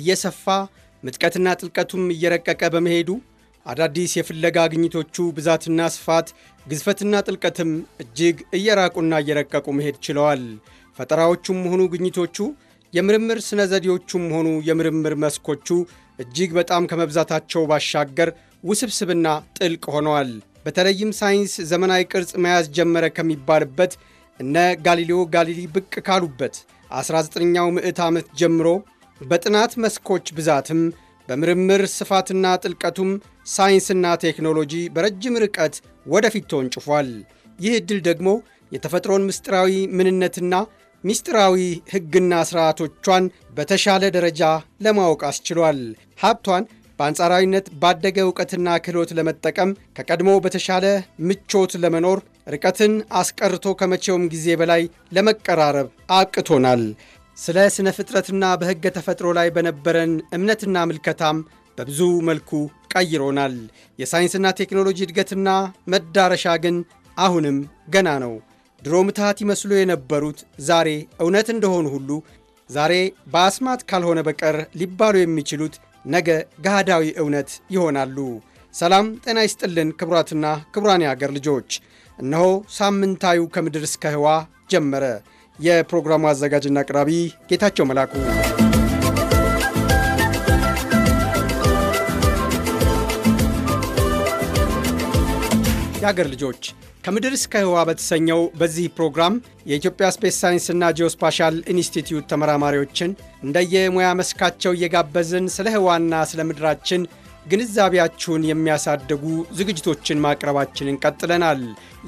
እየሰፋ ምጥቀትና ጥልቀቱም እየረቀቀ በመሄዱ አዳዲስ የፍለጋ አግኝቶቹ ብዛትና ስፋት፣ ግዝፈትና ጥልቀትም እጅግ እየራቁና እየረቀቁ መሄድ ችለዋል። ፈጠራዎቹም ሆኑ ግኝቶቹ የምርምር ስነ ዘዴዎቹም ሆኑ የምርምር መስኮቹ እጅግ በጣም ከመብዛታቸው ባሻገር ውስብስብና ጥልቅ ሆነዋል። በተለይም ሳይንስ ዘመናዊ ቅርጽ መያዝ ጀመረ ከሚባልበት እነ ጋሊሌዮ ጋሊሊ ብቅ ካሉበት 19ኛው ምዕት ዓመት ጀምሮ በጥናት መስኮች ብዛትም በምርምር ስፋትና ጥልቀቱም ሳይንስና ቴክኖሎጂ በረጅም ርቀት ወደፊት ተወንጭፏል። ይህ ዕድል ደግሞ የተፈጥሮን ምስጢራዊ ምንነትና ምስጢራዊ ሕግና ሥርዓቶቿን በተሻለ ደረጃ ለማወቅ አስችሏል። ሀብቷን በአንጻራዊነት ባደገ እውቀትና ክህሎት ለመጠቀም ከቀድሞ በተሻለ ምቾት ለመኖር ርቀትን አስቀርቶ ከመቼውም ጊዜ በላይ ለመቀራረብ አቅቶናል። ስለ ስነ ፍጥረትና በሕገ ተፈጥሮ ላይ በነበረን እምነትና ምልከታም በብዙ መልኩ ቀይሮናል። የሳይንስና ቴክኖሎጂ እድገትና መዳረሻ ግን አሁንም ገና ነው። ድሮ ምትሃት ይመስሉ የነበሩት ዛሬ እውነት እንደሆኑ ሁሉ ዛሬ በአስማት ካልሆነ በቀር ሊባሉ የሚችሉት ነገ ገሃዳዊ እውነት ይሆናሉ። ሰላም ጤና ይስጥልን ክቡራትና ክቡራን የአገር ልጆች፣ እነሆ ሳምንታዩ ከምድር እስከ ህዋ ጀመረ። የፕሮግራሙ አዘጋጅና አቅራቢ ጌታቸው መላኩ። የአገር ልጆች ከምድር እስከ ህዋ በተሰኘው በዚህ ፕሮግራም የኢትዮጵያ ስፔስ ሳይንስና ጂኦስፓሻል ኢንስቲትዩት ተመራማሪዎችን እንደየሙያ መስካቸው እየጋበዝን ስለ ህዋና ስለ ምድራችን ግንዛቤያችሁን የሚያሳድጉ ዝግጅቶችን ማቅረባችንን ቀጥለናል።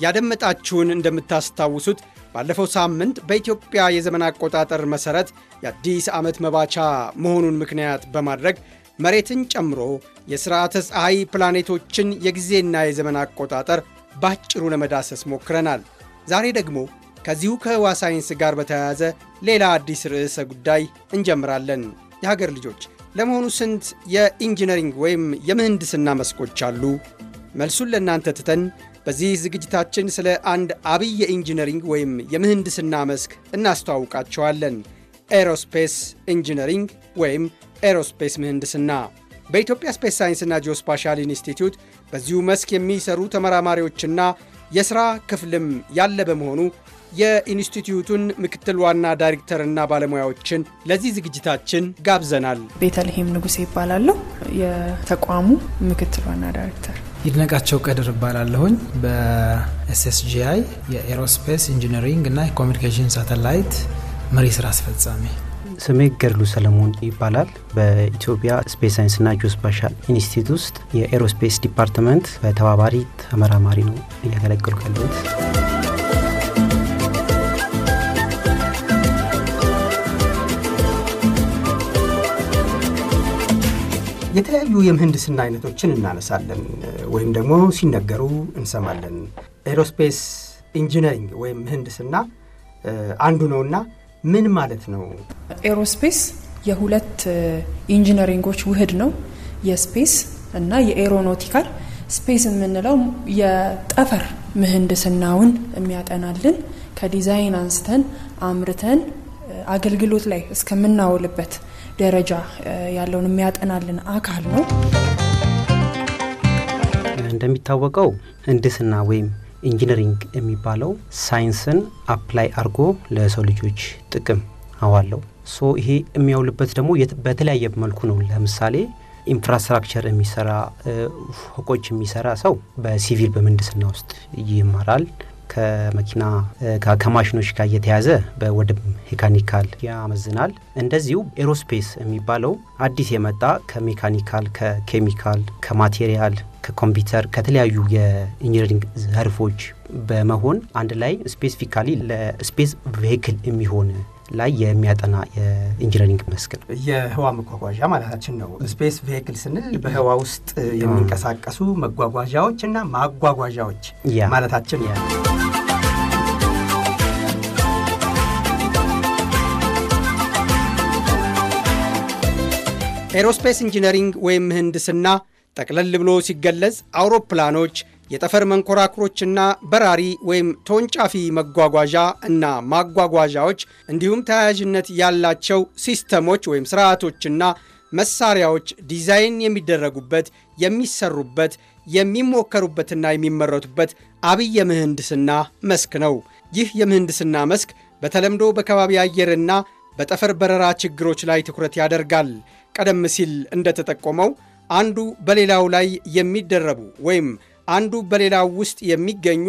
ያደመጣችሁን እንደምታስታውሱት ባለፈው ሳምንት በኢትዮጵያ የዘመን አቆጣጠር መሠረት የአዲስ ዓመት መባቻ መሆኑን ምክንያት በማድረግ መሬትን ጨምሮ የሥርዓተ ፀሐይ ፕላኔቶችን የጊዜና የዘመን አቆጣጠር ባጭሩ ለመዳሰስ ሞክረናል። ዛሬ ደግሞ ከዚሁ ከህዋ ሳይንስ ጋር በተያያዘ ሌላ አዲስ ርዕሰ ጉዳይ እንጀምራለን። የሀገር ልጆች ለመሆኑ ስንት የኢንጂነሪንግ ወይም የምህንድስና መስኮች አሉ? መልሱን ለእናንተ ትተን በዚህ ዝግጅታችን ስለ አንድ አብይ የኢንጂነሪንግ ወይም የምህንድስና መስክ እናስተዋውቃቸዋለን። ኤሮስፔስ ኢንጂነሪንግ ወይም ኤሮስፔስ ምህንድስና። በኢትዮጵያ ስፔስ ሳይንስና ጂኦስፓሻል ኢንስቲትዩት በዚሁ መስክ የሚሰሩ ተመራማሪዎችና የሥራ ክፍልም ያለ በመሆኑ የኢንስቲትዩቱን ምክትል ዋና ዳይሬክተርና ባለሙያዎችን ለዚህ ዝግጅታችን ጋብዘናል። ቤተልሔም ንጉሴ ይባላለሁ። የተቋሙ ምክትል ዋና ዳይሬክተር ይድነቃቸው ቀድር እባላለሁኝ። በኤስኤስጂአይ የኤሮስፔስ ኢንጂነሪንግ እና የኮሚኒኬሽን ሳተላይት መሪ ስራ አስፈጻሚ ስሜ ገድሉ ሰለሞን ይባላል። በኢትዮጵያ ስፔስ ሳይንስና ጂኦስፓሻል ኢንስቲትዩት ውስጥ የኤሮስፔስ ዲፓርትመንት በተባባሪ ተመራማሪ ነው እያገለገሉ ያለሁት። የተለያዩ የምህንድስና አይነቶችን እናነሳለን ወይም ደግሞ ሲነገሩ እንሰማለን። ኤሮስፔስ ኢንጂነሪንግ ወይም ምህንድስና አንዱ ነውና ምን ማለት ነው? ኤሮስፔስ የሁለት ኢንጂነሪንጎች ውህድ ነው። የስፔስ እና የኤሮኖቲካል ስፔስ የምንለው የጠፈር ምህንድስናውን የሚያጠናልን ከዲዛይን አንስተን አምርተን አገልግሎት ላይ እስከምናውልበት ደረጃ ያለውን የሚያጠናልን አካል ነው። እንደሚታወቀው ህንድስና ወይም ኢንጂነሪንግ የሚባለው ሳይንስን አፕላይ አድርጎ ለሰው ልጆች ጥቅም አዋለው። ሶ ይሄ የሚያውልበት ደግሞ በተለያየ መልኩ ነው። ለምሳሌ ኢንፍራስትራክቸር የሚሰራ ፎቆች የሚሰራ ሰው በሲቪል በምንድስና ውስጥ ይማራል። ከመኪና ከማሽኖች ጋር እየተያዘ በወድም ሜካኒካል ያመዝናል። እንደዚሁ ኤሮስፔስ የሚባለው አዲስ የመጣ ከሜካኒካል፣ ከኬሚካል፣ ከማቴሪያል፣ ከኮምፒውተር ከተለያዩ የኢንጂነሪንግ ዘርፎች በመሆን አንድ ላይ ስፔሲፊካሊ ለስፔስ ቬክል የሚሆን ላይ የሚያጠና የኢንጂነሪንግ መስክ ነው። የህዋ መጓጓዣ ማለታችን ነው። ስፔስ ቬክል ስንል በህዋ ውስጥ የሚንቀሳቀሱ መጓጓዣዎች እና ማጓጓዣዎች ማለታችን ነው። ኤሮስፔስ ኢንጂነሪንግ ወይም ምህንድስና ጠቅለል ብሎ ሲገለጽ አውሮፕላኖች የጠፈር መንኮራኩሮችና በራሪ ወይም ተወንጫፊ መጓጓዣ እና ማጓጓዣዎች እንዲሁም ተያያዥነት ያላቸው ሲስተሞች ወይም ስርዓቶችና መሳሪያዎች ዲዛይን የሚደረጉበት፣ የሚሰሩበት፣ የሚሞከሩበትና የሚመረቱበት አብይ የምህንድስና መስክ ነው። ይህ የምህንድስና መስክ በተለምዶ በከባቢ አየርና በጠፈር በረራ ችግሮች ላይ ትኩረት ያደርጋል። ቀደም ሲል እንደተጠቆመው አንዱ በሌላው ላይ የሚደረቡ ወይም አንዱ በሌላው ውስጥ የሚገኙ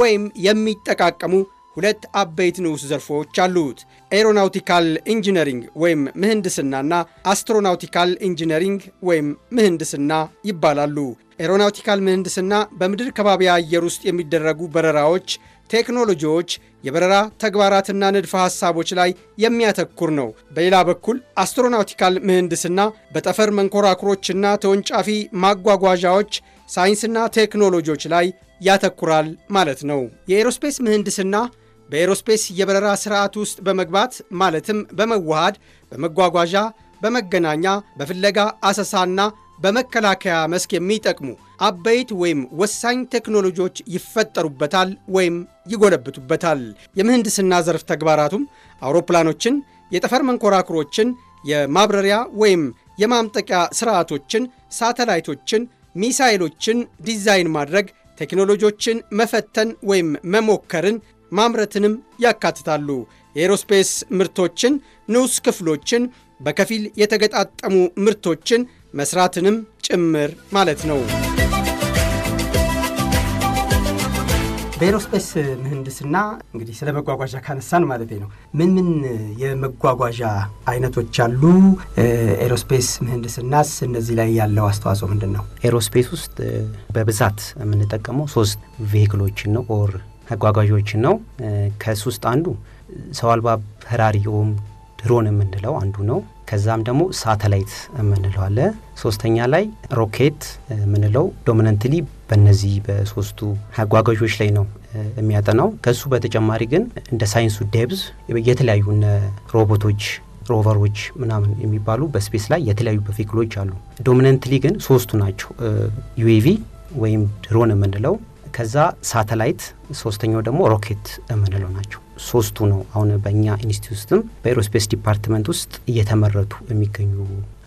ወይም የሚጠቃቀሙ ሁለት አበይት ንዑስ ዘርፎች አሉት። ኤሮናውቲካል ኢንጂነሪንግ ወይም ምህንድስናና አስትሮናውቲካል ኢንጂነሪንግ ወይም ምህንድስና ይባላሉ። ኤሮናውቲካል ምህንድስና በምድር ከባቢ አየር ውስጥ የሚደረጉ በረራዎች፣ ቴክኖሎጂዎች፣ የበረራ ተግባራትና ንድፈ ሐሳቦች ላይ የሚያተኩር ነው። በሌላ በኩል አስትሮናውቲካል ምህንድስና በጠፈር መንኮራኩሮችና ተወንጫፊ ማጓጓዣዎች ሳይንስና ቴክኖሎጂዎች ላይ ያተኩራል ማለት ነው። የኤሮስፔስ ምህንድስና በኤሮስፔስ የበረራ ስርዓት ውስጥ በመግባት ማለትም በመዋሃድ በመጓጓዣ፣ በመገናኛ፣ በፍለጋ አሰሳና በመከላከያ መስክ የሚጠቅሙ አበይት ወይም ወሳኝ ቴክኖሎጂዎች ይፈጠሩበታል ወይም ይጎለብቱበታል። የምህንድስና ዘርፍ ተግባራቱም አውሮፕላኖችን፣ የጠፈር መንኮራኩሮችን፣ የማብረሪያ ወይም የማምጠቂያ ስርዓቶችን፣ ሳተላይቶችን ሚሳይሎችን ዲዛይን ማድረግ፣ ቴክኖሎጂዎችን መፈተን ወይም መሞከርን ማምረትንም ያካትታሉ። የኤሮስፔስ ምርቶችን፣ ንዑስ ክፍሎችን፣ በከፊል የተገጣጠሙ ምርቶችን መስራትንም ጭምር ማለት ነው። በኤሮስፔስ ምህንድስና እንግዲህ ስለ መጓጓዣ ካነሳን ማለት ነው፣ ምን ምን የመጓጓዣ አይነቶች አሉ? ኤሮስፔስ ምህንድስናስ እነዚህ ላይ ያለው አስተዋጽኦ ምንድን ነው? ኤሮስፔስ ውስጥ በብዛት የምንጠቀመው ሶስት ቬሂክሎችን ነው ኦር መጓጓዣዎችን ነው። ከሱ ውስጥ አንዱ ሰው አልባ በራሪ ድሮን የምንለው አንዱ ነው። ከዛም ደግሞ ሳተላይት የምንለው አለ። ሶስተኛ ላይ ሮኬት የምንለው ዶሚነንትሊ በነዚህ በሶስቱ አጓጓዦች ላይ ነው የሚያጠናው። ከሱ በተጨማሪ ግን እንደ ሳይንሱ ዴብዝ የተለያዩ ሮቦቶች ሮቨሮች ምናምን የሚባሉ በስፔስ ላይ የተለያዩ ቬክሎች አሉ። ዶሚነንትሊ ግን ሶስቱ ናቸው፣ ዩኤቪ ወይም ድሮን የምንለው፣ ከዛ ሳተላይት፣ ሶስተኛው ደግሞ ሮኬት የምንለው ናቸው። ሶስቱ ነው። አሁን በእኛ ኢንስቲትዩት ውስጥም በኤሮስፔስ ዲፓርትመንት ውስጥ እየተመረቱ የሚገኙ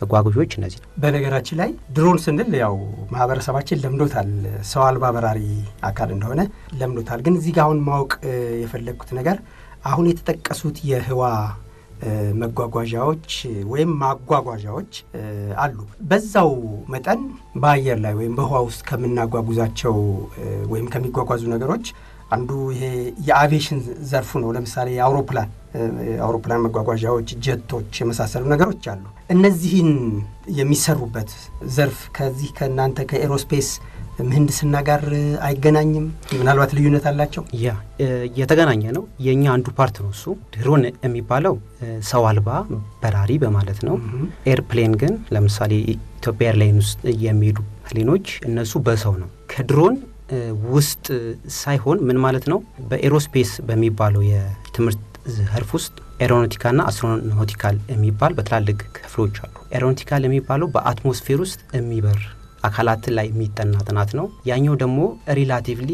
መጓጓዦች እነዚህ ነው። በነገራችን ላይ ድሮን ስንል ያው ማህበረሰባችን ለምዶታል፣ ሰው አልባ በራሪ አካል እንደሆነ ለምዶታል። ግን እዚህ ጋር አሁን ማወቅ የፈለግኩት ነገር አሁን የተጠቀሱት የህዋ መጓጓዣዎች ወይም ማጓጓዣዎች አሉ። በዛው መጠን በአየር ላይ ወይም በህዋ ውስጥ ከምናጓጉዛቸው ወይም ከሚጓጓዙ ነገሮች አንዱ ይሄ የአቪዬሽን ዘርፉ ነው። ለምሳሌ የአውሮፕላን አውሮፕላን መጓጓዣዎች፣ ጀቶች የመሳሰሉ ነገሮች አሉ። እነዚህን የሚሰሩበት ዘርፍ ከዚህ ከእናንተ ከኤሮስፔስ ምህንድስና ጋር አይገናኝም? ምናልባት ልዩነት አላቸው? ያ የተገናኘ ነው። የእኛ አንዱ ፓርት ነው እሱ። ድሮን የሚባለው ሰው አልባ በራሪ በማለት ነው። ኤርፕሌን ግን ለምሳሌ ኢትዮጵያ ኤርላይን ውስጥ የሚሄዱ ፕሌኖች እነሱ በሰው ነው። ከድሮን ውስጥ ሳይሆን ምን ማለት ነው በኤሮስፔስ በሚባለው የትምህርት ዘርፍ ውስጥ ና አስትሮኖቲካል የሚባል በትላልቅ ክፍሎች አሉ። ኤሮኖቲካል የሚባለው በአትሞስፌር ውስጥ የሚበር አካላት ላይ የሚጠና ጥናት ነው። ያኛው ደግሞ ሪላቲቭሊ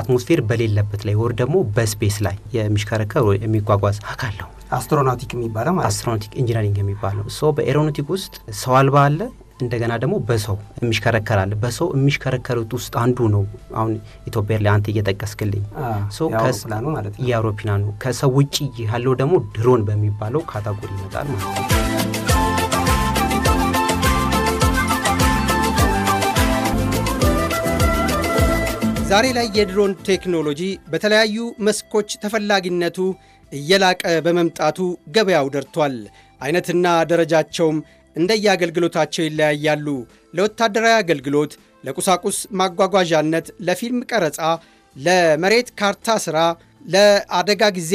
አትሞስፌር በሌለበት ላይ ወር ደግሞ በስፔስ ላይ የሚሽከረከር የሚጓጓዝ አካል ነው። አስትሮናቲክ የሚባለው ማለት አስትሮናቲክ ኢንጂነሪንግ የሚባለው ሶ በኤሮኖቲክ ውስጥ ሰው አልባ አለ እንደገና ደግሞ በሰው የሚሽከረከራል በሰው የሚሽከረከሩት ውስጥ አንዱ ነው። አሁን ኢትዮጵያ ላይ አንተ እየጠቀስክልኝ የአውሮፕላኑ ከሰው ውጭ ያለው ደግሞ ድሮን በሚባለው ካታጎሪ ይመጣል ማለት ነው። ዛሬ ላይ የድሮን ቴክኖሎጂ በተለያዩ መስኮች ተፈላጊነቱ እየላቀ በመምጣቱ ገበያው ደርቷል። አይነትና ደረጃቸውም እንደየአገልግሎታቸው ይለያያሉ። ለወታደራዊ አገልግሎት፣ ለቁሳቁስ ማጓጓዣነት፣ ለፊልም ቀረጻ፣ ለመሬት ካርታ ሥራ፣ ለአደጋ ጊዜ፣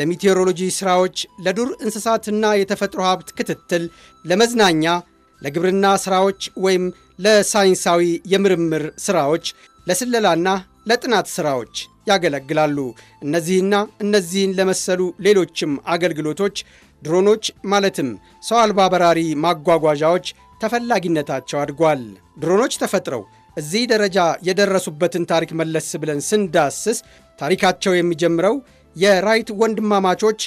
ለሚቴዎሮሎጂ ሥራዎች፣ ለዱር እንስሳትና የተፈጥሮ ሀብት ክትትል፣ ለመዝናኛ፣ ለግብርና ሥራዎች ወይም ለሳይንሳዊ የምርምር ሥራዎች፣ ለስለላና ለጥናት ሥራዎች ያገለግላሉ። እነዚህና እነዚህን ለመሰሉ ሌሎችም አገልግሎቶች ድሮኖች ማለትም ሰው አልባ በራሪ ማጓጓዣዎች ተፈላጊነታቸው አድጓል። ድሮኖች ተፈጥረው እዚህ ደረጃ የደረሱበትን ታሪክ መለስ ብለን ስንዳስስ ታሪካቸው የሚጀምረው የራይት ወንድማማቾች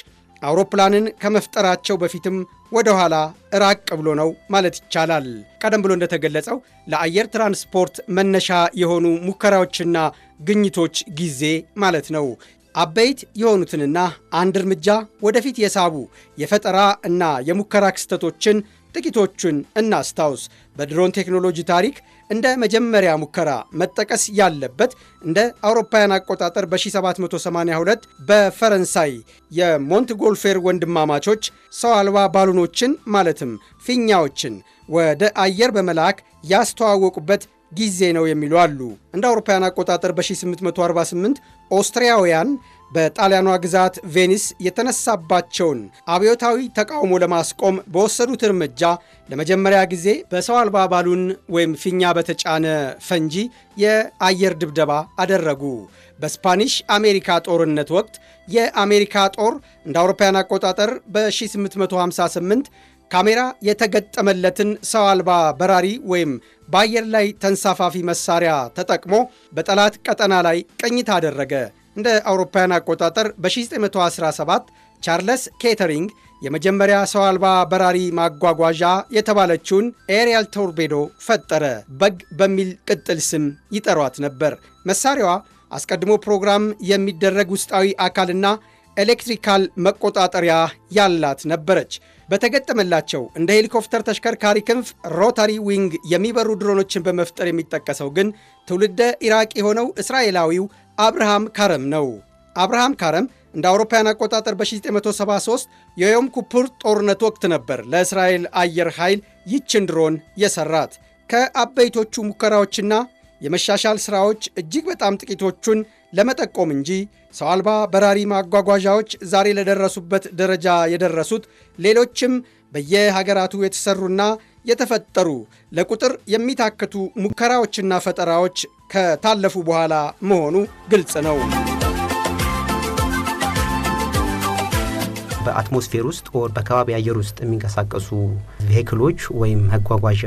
አውሮፕላንን ከመፍጠራቸው በፊትም ወደ ኋላ ራቅ ብሎ ነው ማለት ይቻላል። ቀደም ብሎ እንደተገለጸው ለአየር ትራንስፖርት መነሻ የሆኑ ሙከራዎችና ግኝቶች ጊዜ ማለት ነው። አበይት የሆኑትንና አንድ እርምጃ ወደፊት የሳቡ የፈጠራ እና የሙከራ ክስተቶችን ጥቂቶቹን እናስታውስ። በድሮን ቴክኖሎጂ ታሪክ እንደ መጀመሪያ ሙከራ መጠቀስ ያለበት እንደ አውሮፓውያን አቆጣጠር በ1782 በፈረንሳይ የሞንትጎልፌር ወንድማማቾች ሰው አልባ ባሉኖችን ማለትም ፊኛዎችን ወደ አየር በመላክ ያስተዋወቁበት ጊዜ ነው የሚሉ አሉ። እንደ አውሮፓውያን አቆጣጠር በ1848 ኦስትሪያውያን በጣሊያኗ ግዛት ቬኒስ የተነሳባቸውን አብዮታዊ ተቃውሞ ለማስቆም በወሰዱት እርምጃ ለመጀመሪያ ጊዜ በሰው አልባ ባሉን ወይም ፊኛ በተጫነ ፈንጂ የአየር ድብደባ አደረጉ። በስፓኒሽ አሜሪካ ጦርነት ወቅት የአሜሪካ ጦር እንደ አውሮፓውያን አቆጣጠር በ1858 ካሜራ የተገጠመለትን ሰው አልባ በራሪ ወይም በአየር ላይ ተንሳፋፊ መሳሪያ ተጠቅሞ በጠላት ቀጠና ላይ ቅኝት አደረገ። እንደ አውሮፓውያን አቆጣጠር በ1917 ቻርለስ ኬተሪንግ የመጀመሪያ ሰው አልባ በራሪ ማጓጓዣ የተባለችውን ኤሪያል ቶርፔዶ ፈጠረ። በግ በሚል ቅጥል ስም ይጠሯት ነበር። መሳሪያዋ አስቀድሞ ፕሮግራም የሚደረግ ውስጣዊ አካልና ኤሌክትሪካል መቆጣጠሪያ ያላት ነበረች። በተገጠመላቸው እንደ ሄሊኮፕተር ተሽከርካሪ ክንፍ ሮታሪ ዊንግ የሚበሩ ድሮኖችን በመፍጠር የሚጠቀሰው ግን ትውልደ ኢራቅ የሆነው እስራኤላዊው አብርሃም ካረም ነው። አብርሃም ካረም እንደ አውሮፓውያን አቆጣጠር በ1973 የዮም ኩፑር ጦርነት ወቅት ነበር ለእስራኤል አየር ኃይል ይችን ድሮን የሰራት። ከአበይቶቹ ሙከራዎችና የመሻሻል ሥራዎች እጅግ በጣም ጥቂቶቹን ለመጠቆም እንጂ ሰው አልባ በራሪ ማጓጓዣዎች ዛሬ ለደረሱበት ደረጃ የደረሱት ሌሎችም በየሀገራቱ የተሰሩና የተፈጠሩ ለቁጥር የሚታክቱ ሙከራዎችና ፈጠራዎች ከታለፉ በኋላ መሆኑ ግልጽ ነው። በአትሞስፌር ውስጥ ወር በከባቢ አየር ውስጥ የሚንቀሳቀሱ ቬክሎች ወይም መጓጓዣ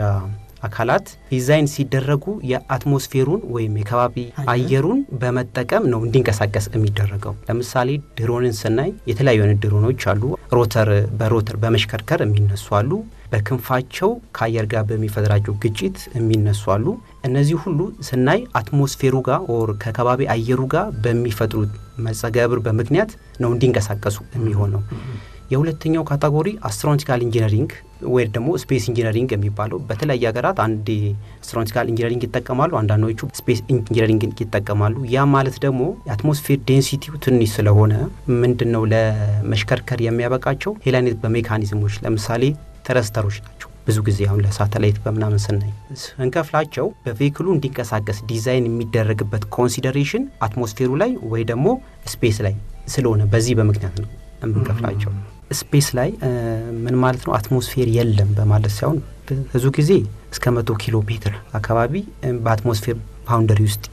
አካላት ዲዛይን ሲደረጉ የአትሞስፌሩን ወይም የከባቢ አየሩን በመጠቀም ነው እንዲንቀሳቀስ የሚደረገው። ለምሳሌ ድሮንን ስናይ የተለያዩ አይነት ድሮኖች አሉ። ሮተር በሮተር በመሽከርከር የሚነሱ አሉ። በክንፋቸው ከአየር ጋር በሚፈጥራቸው ግጭት የሚነሱ አሉ። እነዚህ ሁሉ ስናይ አትሞስፌሩ ጋር ኦር ከከባቢ አየሩ ጋር በሚፈጥሩት መጸገብር በምክንያት ነው እንዲንቀሳቀሱ የሚሆነው። የሁለተኛው ካታጎሪ አስትሮናውቲካል ኢንጂነሪንግ ወይ ደግሞ ስፔስ ኢንጂነሪንግ የሚባለው በተለያየ ሀገራት አንድ አስትሮናውቲካል ኢንጂነሪንግ ይጠቀማሉ፣ አንዳንዶቹ ስፔስ ኢንጂነሪንግ ይጠቀማሉ። ያ ማለት ደግሞ የአትሞስፌር ዴንሲቲው ትንሽ ስለሆነ ምንድን ነው ለመሽከርከር የሚያበቃቸው ሌላ አይነት በሜካኒዝሞች ለምሳሌ ተረስተሮች ናቸው። ብዙ ጊዜ አሁን ለሳተላይት በምናምን ስናይ ስንከፍላቸው በቬክሉ እንዲንቀሳቀስ ዲዛይን የሚደረግበት ኮንሲደሬሽን አትሞስፌሩ ላይ ወይ ደግሞ ስፔስ ላይ ስለሆነ በዚህ በምክንያት ነው የምንከፍላቸው። ስፔስ ላይ ምን ማለት ነው አትሞስፌር የለም በማለት ሳይሆን ብዙ ጊዜ እስከ መቶ ኪሎ ሜትር አካባቢ በአትሞስፌር ባውንደሪ ውስጥ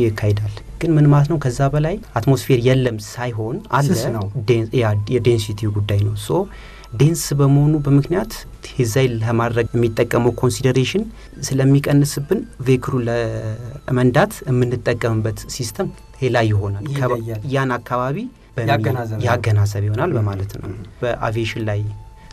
ይካሄዳል። ግን ምን ማለት ነው ከዛ በላይ አትሞስፌር የለም ሳይሆን አለ፣ የዴንሲቲው ጉዳይ ነው። ሶ ዴንስ በመሆኑ በምክንያት ዲዛይን ለማድረግ የሚጠቀመው ኮንሲደሬሽን ስለሚቀንስብን ቬክሩ ለመንዳት የምንጠቀምበት ሲስተም ሌላ ይሆናል። ያን አካባቢ ያገናዘብ ይሆናል በማለት ነው። በአቪዬሽን ላይ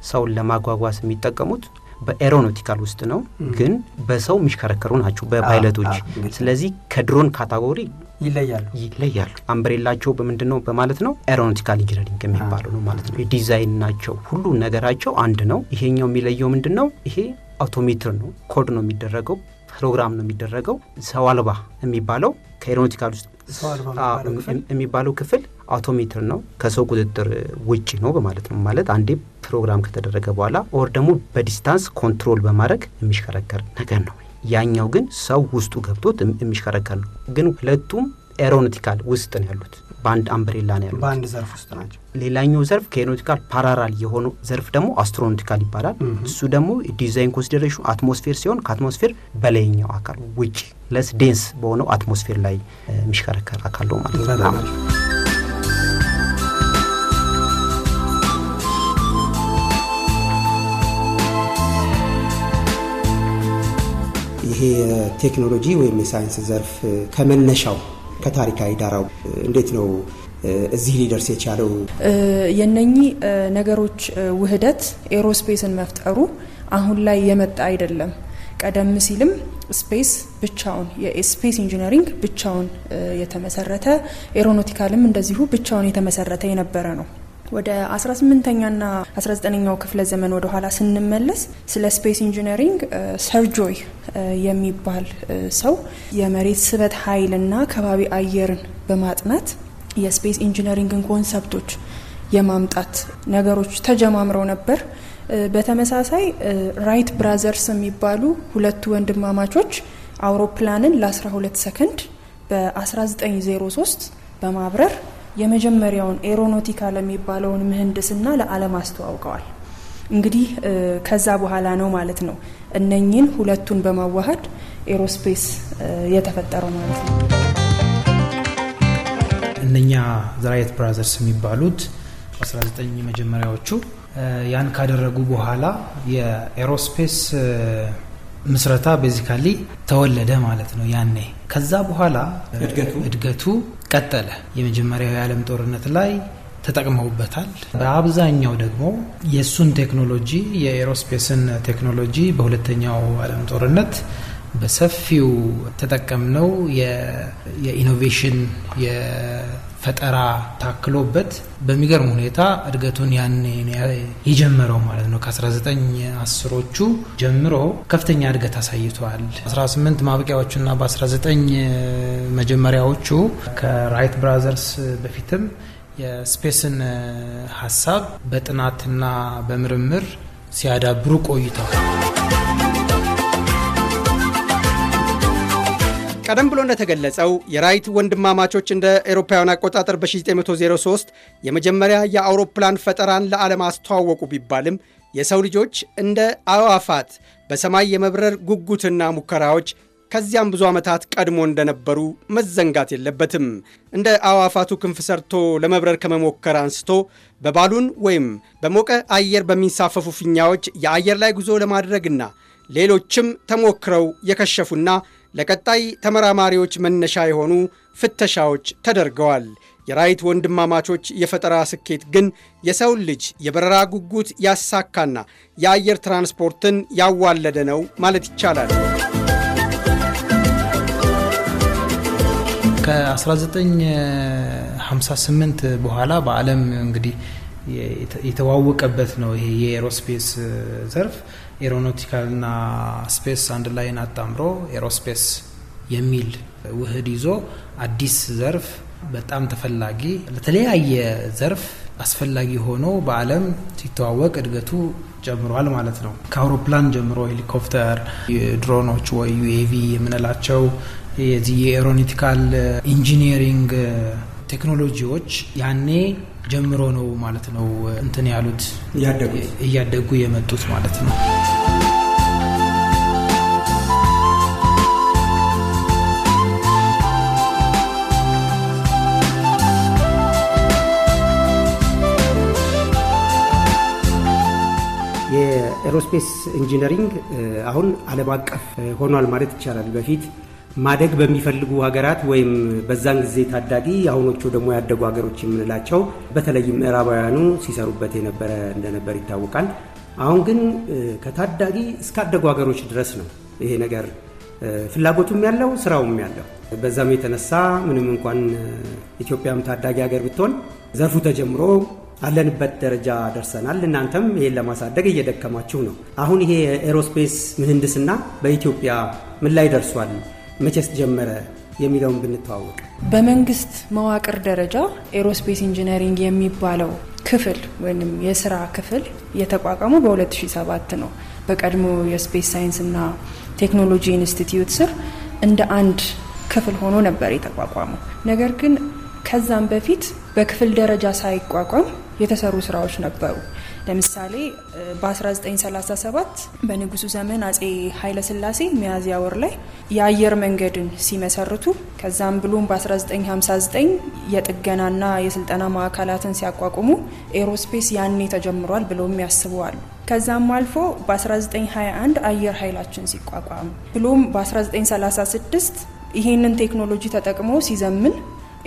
ሰውን ለማጓጓስ የሚጠቀሙት በኤሮኖቲካል ውስጥ ነው፣ ግን በሰው የሚሽከረከሩ ናቸው በፓይለቶች። ስለዚህ ከድሮን ካታጎሪ ይለያሉ ይለያሉ። አንብሬላቸው በምንድን ነው በማለት ነው ኤሮኖቲካል ኢንጂነሪንግ የሚባለው ነው ማለት ነው። ዲዛይን ናቸው፣ ሁሉ ነገራቸው አንድ ነው። ይሄኛው የሚለየው ምንድን ነው? ይሄ አውቶሜትር ነው፣ ኮድ ነው የሚደረገው፣ ፕሮግራም ነው የሚደረገው። ሰው አልባ የሚባለው ከኤሮኖቲካል ውስጥ የሚባለው ክፍል አውቶሜትር ነው ከሰው ቁጥጥር ውጭ ነው በማለት ነው። ማለት አንዴ ፕሮግራም ከተደረገ በኋላ ኦር ደግሞ በዲስታንስ ኮንትሮል በማድረግ የሚሽከረከር ነገር ነው። ያኛው ግን ሰው ውስጡ ገብቶት የሚሽከረከር ነው። ግን ሁለቱም ኤሮኖቲካል ውስጥ ነው ያሉት፣ በአንድ አምብሬላ ነው ያሉት፣ በአንድ ዘርፍ ውስጥ ናቸው። ሌላኛው ዘርፍ ከኤሮኖቲካል ፓራራል የሆኑ ዘርፍ ደግሞ አስትሮኖቲካል ይባላል። እሱ ደግሞ ዲዛይን ኮንሲደሬሽን አትሞስፌር ሲሆን ከአትሞስፌር በላይኛው አካል ውጭ ለስ ዴንስ በሆነው አትሞስፌር ላይ የሚሽከረከር አካል ነው ማለት ነው። ይሄ የቴክኖሎጂ ወይም የሳይንስ ዘርፍ ከመነሻው ከታሪካዊ ዳራው እንዴት ነው እዚህ ሊደርስ የቻለው? የነኚህ ነገሮች ውህደት ኤሮስፔስን መፍጠሩ አሁን ላይ የመጣ አይደለም። ቀደም ሲልም ስፔስ ብቻውን የስፔስ ኢንጂነሪንግ ብቻውን የተመሰረተ ኤሮኖቲካልም እንደዚሁ ብቻውን የተመሰረተ የነበረ ነው። ወደ 18ኛና 19ኛው ክፍለ ዘመን ወደ ኋላ ስንመለስ ስለ ስፔስ ኢንጂነሪንግ ሰርጆይ የሚባል ሰው የመሬት ስበት ኃይልና ከባቢ አየርን በማጥናት የስፔስ ኢንጂነሪንግን ኮንሰፕቶች የማምጣት ነገሮች ተጀማምረው ነበር። በተመሳሳይ ራይት ብራዘርስ የሚባሉ ሁለቱ ወንድማማቾች አውሮፕላንን ለ12 ሰከንድ በ1903 በማብረር የመጀመሪያውን ኤሮኖቲካ ለሚባለውን ምህንድስና ለዓለም አስተዋውቀዋል። እንግዲህ ከዛ በኋላ ነው ማለት ነው እነኚህን ሁለቱን በማዋሃድ ኤሮስፔስ የተፈጠረው ማለት ነው። እነኛ ዘራየት ብራዘርስ የሚባሉት 19 መጀመሪያዎቹ ያን ካደረጉ በኋላ የኤሮስፔስ ምስረታ ቤዚካሊ ተወለደ ማለት ነው። ያኔ ከዛ በኋላ እድገቱ ቀጠለ። የመጀመሪያው የዓለም ጦርነት ላይ ተጠቅመውበታል። በአብዛኛው ደግሞ የእሱን ቴክኖሎጂ የኤሮስፔስን ቴክኖሎጂ በሁለተኛው ዓለም ጦርነት በሰፊው ተጠቀምነው የኢኖቬሽን ፈጠራ ታክሎበት በሚገርም ሁኔታ እድገቱን ያን የጀመረው ማለት ነው። ከ1910ዎቹ ጀምሮ ከፍተኛ እድገት አሳይቷል። 18 ማብቂያዎቹና በ19 መጀመሪያዎቹ ከራይት ብራዘርስ በፊትም የስፔስን ሀሳብ በጥናትና በምርምር ሲያዳብሩ ቆይተዋል። ቀደም ብሎ እንደተገለጸው የራይት ወንድማማቾች እንደ ኤሮፓውያን አቆጣጠር በ1903 የመጀመሪያ የአውሮፕላን ፈጠራን ለዓለም አስተዋወቁ ቢባልም የሰው ልጆች እንደ አዕዋፋት በሰማይ የመብረር ጉጉትና ሙከራዎች ከዚያም ብዙ ዓመታት ቀድሞ እንደነበሩ መዘንጋት የለበትም። እንደ አዕዋፋቱ ክንፍ ሰርቶ ለመብረር ከመሞከር አንስቶ በባሉን ወይም በሞቀ አየር በሚንሳፈፉ ፊኛዎች የአየር ላይ ጉዞ ለማድረግና ሌሎችም ተሞክረው የከሸፉና ለቀጣይ ተመራማሪዎች መነሻ የሆኑ ፍተሻዎች ተደርገዋል። የራይት ወንድማማቾች የፈጠራ ስኬት ግን የሰውን ልጅ የበረራ ጉጉት ያሳካና የአየር ትራንስፖርትን ያዋለደ ነው ማለት ይቻላል። ከ1958 በኋላ በዓለም እንግዲህ የተዋወቀበት ነው ይሄ የኤሮስፔስ ዘርፍ ኤሮኖቲካልና ስፔስ አንድ ላይን አጣምሮ ኤሮስፔስ የሚል ውህድ ይዞ አዲስ ዘርፍ በጣም ተፈላጊ ለተለያየ ዘርፍ አስፈላጊ ሆኖ በዓለም ሲተዋወቅ እድገቱ ጀምሯል ማለት ነው። ከአውሮፕላን ጀምሮ ሄሊኮፕተር፣ ድሮኖች ወይ ዩኤቪ የምንላቸው የዚህ የኤሮኒቲካል ኢንጂኒሪንግ ቴክኖሎጂዎች ያኔ ጀምሮ ነው ማለት ነው እንትን ያሉት እያደጉ የመጡት ማለት ነው። የኤሮስፔስ ኢንጂነሪንግ አሁን አለም አቀፍ ሆኗል ማለት ይቻላል። በፊት ማደግ በሚፈልጉ ሀገራት ወይም በዛን ጊዜ ታዳጊ የአሁኖቹ ደግሞ ያደጉ ሀገሮች የምንላቸው በተለይም ምዕራባውያኑ ሲሰሩበት የነበረ እንደነበር ይታወቃል። አሁን ግን ከታዳጊ እስካደጉ ሀገሮች ድረስ ነው ይሄ ነገር ፍላጎቱም ያለው ስራውም ያለው። በዛም የተነሳ ምንም እንኳን ኢትዮጵያም ታዳጊ ሀገር ብትሆን ዘርፉ ተጀምሮ አለንበት ደረጃ ደርሰናል። እናንተም ይሄን ለማሳደግ እየደከማችሁ ነው። አሁን ይሄ የኤሮስፔስ ምህንድስና በኢትዮጵያ ምን ላይ ደርሷል? መቼስ ጀመረ የሚለውን ብንተዋወቅ። በመንግስት መዋቅር ደረጃ ኤሮስፔስ ኢንጂነሪንግ የሚባለው ክፍል ወይም የስራ ክፍል የተቋቋሙ በ2007 ነው። በቀድሞ የስፔስ ሳይንስና ቴክኖሎጂ ኢንስቲትዩት ስር እንደ አንድ ክፍል ሆኖ ነበር የተቋቋመው። ነገር ግን ከዛም በፊት በክፍል ደረጃ ሳይቋቋም የተሰሩ ስራዎች ነበሩ። ለምሳሌ በ1937 በንጉሱ ዘመን አጼ ኃይለስላሴ ሚያዝያ ወር ላይ የአየር መንገድን ሲመሰርቱ ከዛም ብሎም በ1959 የጥገናና የስልጠና ማዕከላትን ሲያቋቁሙ ኤሮስፔስ ያኔ ተጀምሯል ብሎም ያስበዋሉ። ከዛም አልፎ በ1921 አየር ኃይላችን ሲቋቋም ብሎም በ1936 ይህንን ቴክኖሎጂ ተጠቅሞ ሲዘምን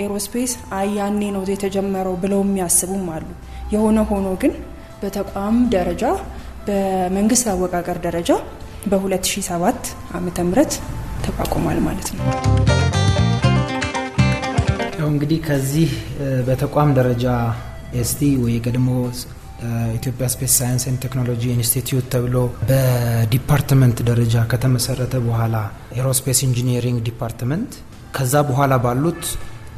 ኤሮስፔስ አያኔ ነው የተጀመረው ብለውም ያስቡም አሉ። የሆነ ሆኖ ግን በተቋም ደረጃ በመንግስት አወቃቀር ደረጃ በ2007 ዓ ም ተቋቁሟል ማለት ነው። ያው እንግዲህ ከዚህ በተቋም ደረጃ ኤስቲ ወይ ቀድሞ ኢትዮጵያ ስፔስ ሳይንስ ኤንድ ቴክኖሎጂ ኢንስቲትዩት ተብሎ በዲፓርትመንት ደረጃ ከተመሰረተ በኋላ ኤሮስፔስ ኢንጂኒሪንግ ዲፓርትመንት ከዛ በኋላ ባሉት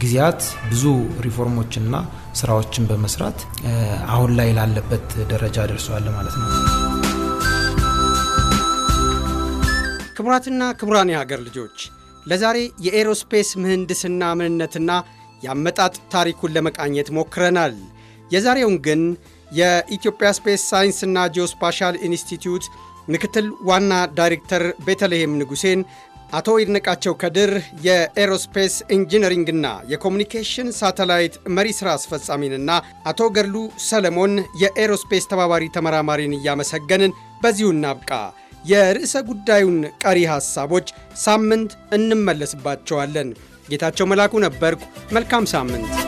ጊዜያት ብዙ ሪፎርሞችና ስራዎችን በመስራት አሁን ላይ ላለበት ደረጃ ደርሰዋል ማለት ነው። ክቡራትና ክቡራን የሀገር ልጆች ለዛሬ የኤሮስፔስ ምህንድስና ምንነትና የአመጣጥ ታሪኩን ለመቃኘት ሞክረናል። የዛሬውን ግን የኢትዮጵያ ስፔስ ሳይንስና ጂኦስፓሻል ኢንስቲትዩት ምክትል ዋና ዳይሬክተር ቤተልሔም ንጉሴን አቶ ይድነቃቸው ከድር የኤሮስፔስ ኢንጂነሪንግና የኮሚኒኬሽን ሳተላይት መሪ ሥራ አስፈጻሚንና አቶ ገድሉ ሰለሞን የኤሮስፔስ ተባባሪ ተመራማሪን እያመሰገንን በዚሁ እናብቃ። የርዕሰ ጉዳዩን ቀሪ ሐሳቦች ሳምንት እንመለስባቸዋለን። ጌታቸው መላኩ ነበርኩ። መልካም ሳምንት።